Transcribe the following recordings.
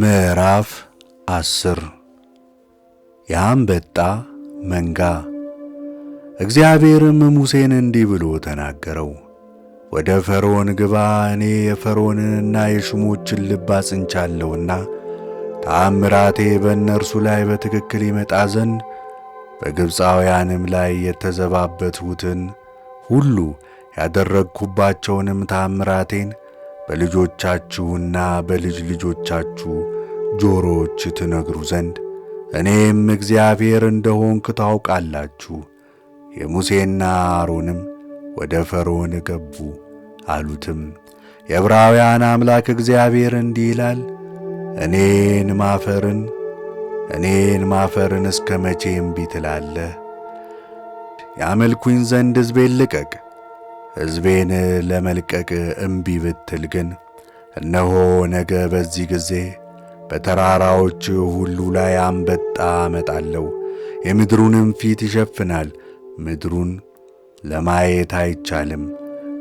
ምዕራፍ አስር የአንበጣ መንጋ። እግዚአብሔርም ሙሴን እንዲህ ብሎ ተናገረው፣ ወደ ፈርዖን ግባ፣ እኔ የፈርዖንንና የሹሞችን ልብ አጽንቻለሁና ተአምራቴ በእነርሱ ላይ በትክክል ይመጣ ዘንድ በግብፃውያንም ላይ የተዘባበትሁትን ሁሉ ያደረግኩባቸውንም ታምራቴን በልጆቻችሁና በልጅ ልጆቻችሁ ጆሮዎች ትነግሩ ዘንድ እኔም እግዚአብሔር እንደሆንክ ታውቃላችሁ። የሙሴና አሮንም ወደ ፈርዖን ገቡ፣ አሉትም የዕብራውያን አምላክ እግዚአብሔር እንዲህ ይላል እኔን ማፈርን እኔን ማፈርን እስከ መቼ እምቢ ትላለህ? ያመልኩኝ ዘንድ ሕዝቤን ልቀቅ። ሕዝቤን ለመልቀቅ እምቢ ብትል ግን እነሆ ነገ በዚህ ጊዜ በተራራዎች ሁሉ ላይ አንበጣ አመጣለሁ፣ የምድሩንም ፊት ይሸፍናል፣ ምድሩን ለማየት አይቻልም።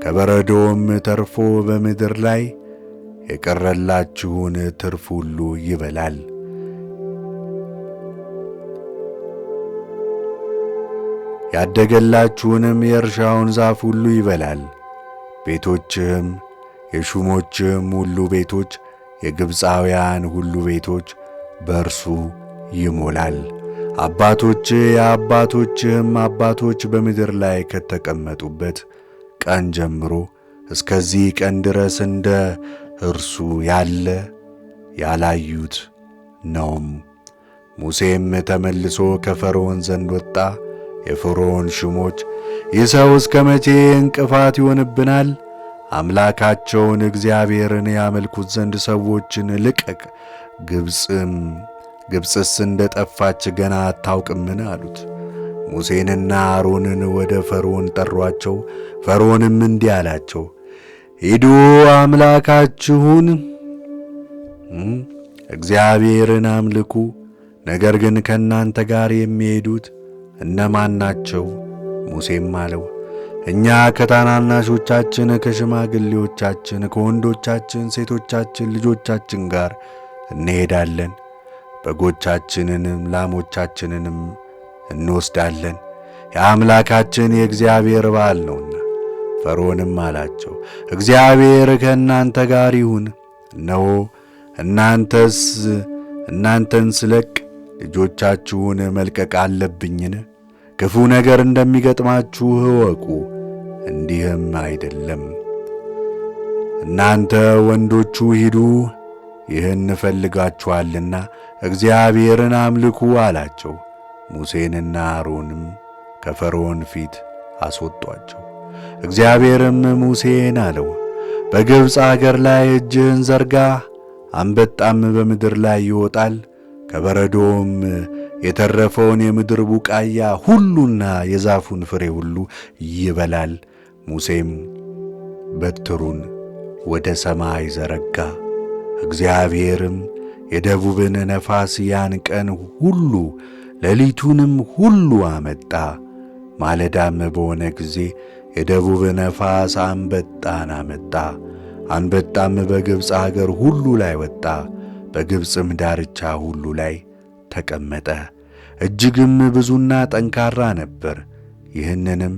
ከበረዶውም ተርፎ በምድር ላይ የቀረላችሁን ትርፍ ሁሉ ይበላል። ያደገላችሁንም የእርሻውን ዛፍ ሁሉ ይበላል። ቤቶችህም፣ የሹሞችህም ሁሉ ቤቶች፣ የግብፃውያን ሁሉ ቤቶች በእርሱ ይሞላል። አባቶችህ የአባቶችህም አባቶች በምድር ላይ ከተቀመጡበት ቀን ጀምሮ እስከዚህ ቀን ድረስ እንደ እርሱ ያለ ያላዩት ነውም። ሙሴም ተመልሶ ከፈርዖን ዘንድ ወጣ። የፈርዖን ሹሞች ይህ ሰው እስከ መቼ እንቅፋት ይሆንብናል? አምላካቸውን እግዚአብሔርን ያመልኩት ዘንድ ሰዎችን ልቀቅ፣ ግብፅም ግብፅስ እንደ ጠፋች ገና አታውቅምን? አሉት። ሙሴንና አሮንን ወደ ፈርዖን ጠሯቸው። ፈርዖንም እንዲህ አላቸው፣ ሂዱ አምላካችሁን እግዚአብሔርን አምልኩ። ነገር ግን ከእናንተ ጋር የሚሄዱት እነማን ናቸው? ሙሴም አለው እኛ ከታናናሾቻችን ከሽማግሌዎቻችን ከወንዶቻችን ሴቶቻችን ልጆቻችን ጋር እንሄዳለን፣ በጎቻችንንም ላሞቻችንንም እንወስዳለን፣ የአምላካችን የእግዚአብሔር በዓል ነውና። ፈርዖንም አላቸው እግዚአብሔር ከእናንተ ጋር ይሁን፣ እነሆ እናንተስ እናንተን ስለቅ ልጆቻችሁን መልቀቅ አለብኝን? ክፉ ነገር እንደሚገጥማችሁ እወቁ። እንዲህም አይደለም፣ እናንተ ወንዶቹ ሂዱ፣ ይህን እፈልጋችኋልና እግዚአብሔርን አምልኩ አላቸው። ሙሴንና አሮንም ከፈርዖን ፊት አስወጧቸው። እግዚአብሔርም ሙሴን አለው፣ በግብፅ አገር ላይ እጅህን ዘርጋ፣ አንበጣም በምድር ላይ ይወጣል ከበረዶም የተረፈውን የምድር ቡቃያ ሁሉና የዛፉን ፍሬ ሁሉ ይበላል። ሙሴም በትሩን ወደ ሰማይ ዘረጋ። እግዚአብሔርም የደቡብን ነፋስ ያን ቀን ሁሉ ሌሊቱንም ሁሉ አመጣ። ማለዳም በሆነ ጊዜ የደቡብ ነፋስ አንበጣን አመጣ። አንበጣም በግብፅ አገር ሁሉ ላይ ወጣ። በግብፅም ዳርቻ ሁሉ ላይ ተቀመጠ። እጅግም ብዙና ጠንካራ ነበር። ይህንንም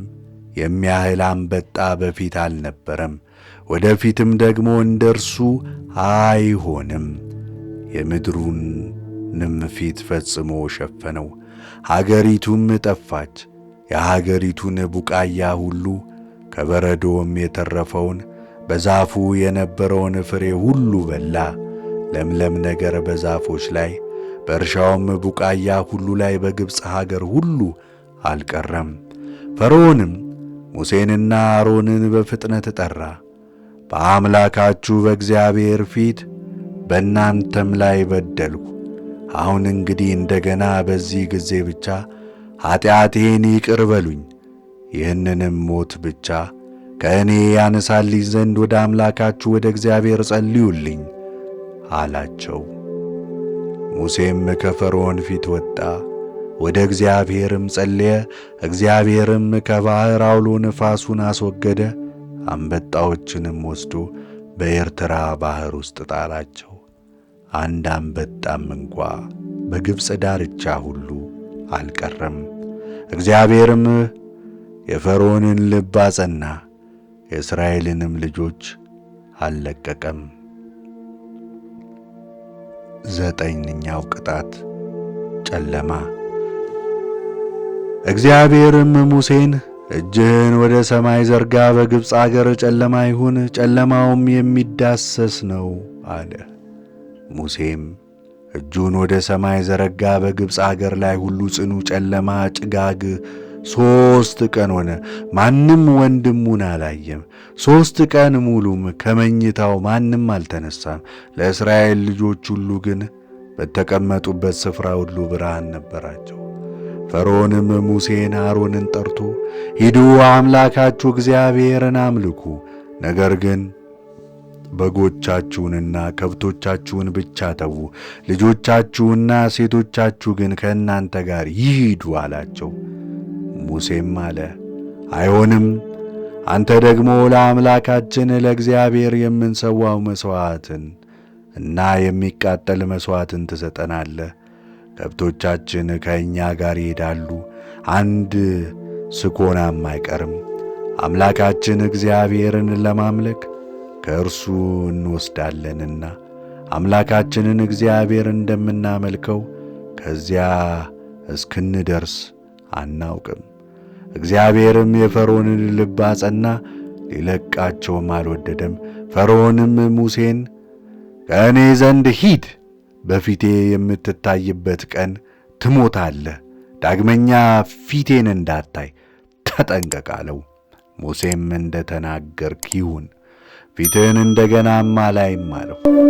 የሚያህል አንበጣ በፊት አልነበረም፣ ወደፊትም ደግሞ እንደ እርሱ አይሆንም። የምድሩንም ፊት ፈጽሞ ሸፈነው። አገሪቱም ጠፋች። የሀገሪቱን ቡቃያ ሁሉ ከበረዶም የተረፈውን በዛፉ የነበረውን ፍሬ ሁሉ በላ። ለምለም ነገር በዛፎች ላይ በእርሻውም ቡቃያ ሁሉ ላይ በግብፅ ሀገር ሁሉ አልቀረም። ፈርዖንም ሙሴንና አሮንን በፍጥነት ጠራ። በአምላካችሁ በእግዚአብሔር ፊት በእናንተም ላይ በደልኩ። አሁን እንግዲህ እንደገና በዚህ ጊዜ ብቻ ኀጢአቴን ይቅር በሉኝ፣ ይህንንም ሞት ብቻ ከእኔ ያነሳልኝ ዘንድ ወደ አምላካችሁ ወደ እግዚአብሔር ጸልዩልኝ አላቸው። ሙሴም ከፈርዖን ፊት ወጣ፣ ወደ እግዚአብሔርም ጸለየ። እግዚአብሔርም ከባሕር አውሎ ነፋሱን አስወገደ፣ አንበጣዎችንም ወስዶ በኤርትራ ባሕር ውስጥ ጣላቸው። አንድ አንበጣም እንኳ በግብፅ ዳርቻ ሁሉ አልቀረም። እግዚአብሔርም የፈርዖንን ልብ አጸና፣ የእስራኤልንም ልጆች አልለቀቀም። ዘጠኝኛው ቅጣት ጨለማ። እግዚአብሔርም ሙሴን እጅህን ወደ ሰማይ ዘርጋ፣ በግብፅ አገር ጨለማ ይሁን፣ ጨለማውም የሚዳሰስ ነው አለ። ሙሴም እጁን ወደ ሰማይ ዘረጋ፣ በግብፅ አገር ላይ ሁሉ ጽኑ ጨለማ ጭጋግ ሦስት ቀን ሆነ፣ ማንም ወንድሙን አላየም። ሦስት ቀን ሙሉም ከመኝታው ማንም አልተነሳም። ለእስራኤል ልጆች ሁሉ ግን በተቀመጡበት ስፍራ ሁሉ ብርሃን ነበራቸው። ፈርዖንም ሙሴን አሮንን ጠርቶ ሂዱ አምላካችሁ እግዚአብሔርን አምልኩ፣ ነገር ግን በጎቻችሁንና ከብቶቻችሁን ብቻ ተዉ፣ ልጆቻችሁና ሴቶቻችሁ ግን ከእናንተ ጋር ይሂዱ አላቸው። ሙሴም አለ አይሆንም፣ አንተ ደግሞ ለአምላካችን ለእግዚአብሔር የምንሰዋው መሥዋዕትን እና የሚቃጠል መሥዋዕትን ትሰጠናለህ። ከብቶቻችን ከእኛ ጋር ይሄዳሉ፣ አንድ ስኮናም አይቀርም። አምላካችን እግዚአብሔርን ለማምለክ ከእርሱ እንወስዳለንና አምላካችንን እግዚአብሔር እንደምናመልከው ከዚያ እስክንደርስ አናውቅም። እግዚአብሔርም የፈርዖንን ልብ አጸና፣ ሊለቃቸውም አልወደደም። ፈርዖንም ሙሴን ከእኔ ዘንድ ሂድ፣ በፊቴ የምትታይበት ቀን ትሞታለህ፣ ዳግመኛ ፊቴን እንዳታይ ተጠንቀቅ አለው። ሙሴም እንደ ተናገርክ ይሁን፣ ፊትህን እንደገናማ ላይም አለው።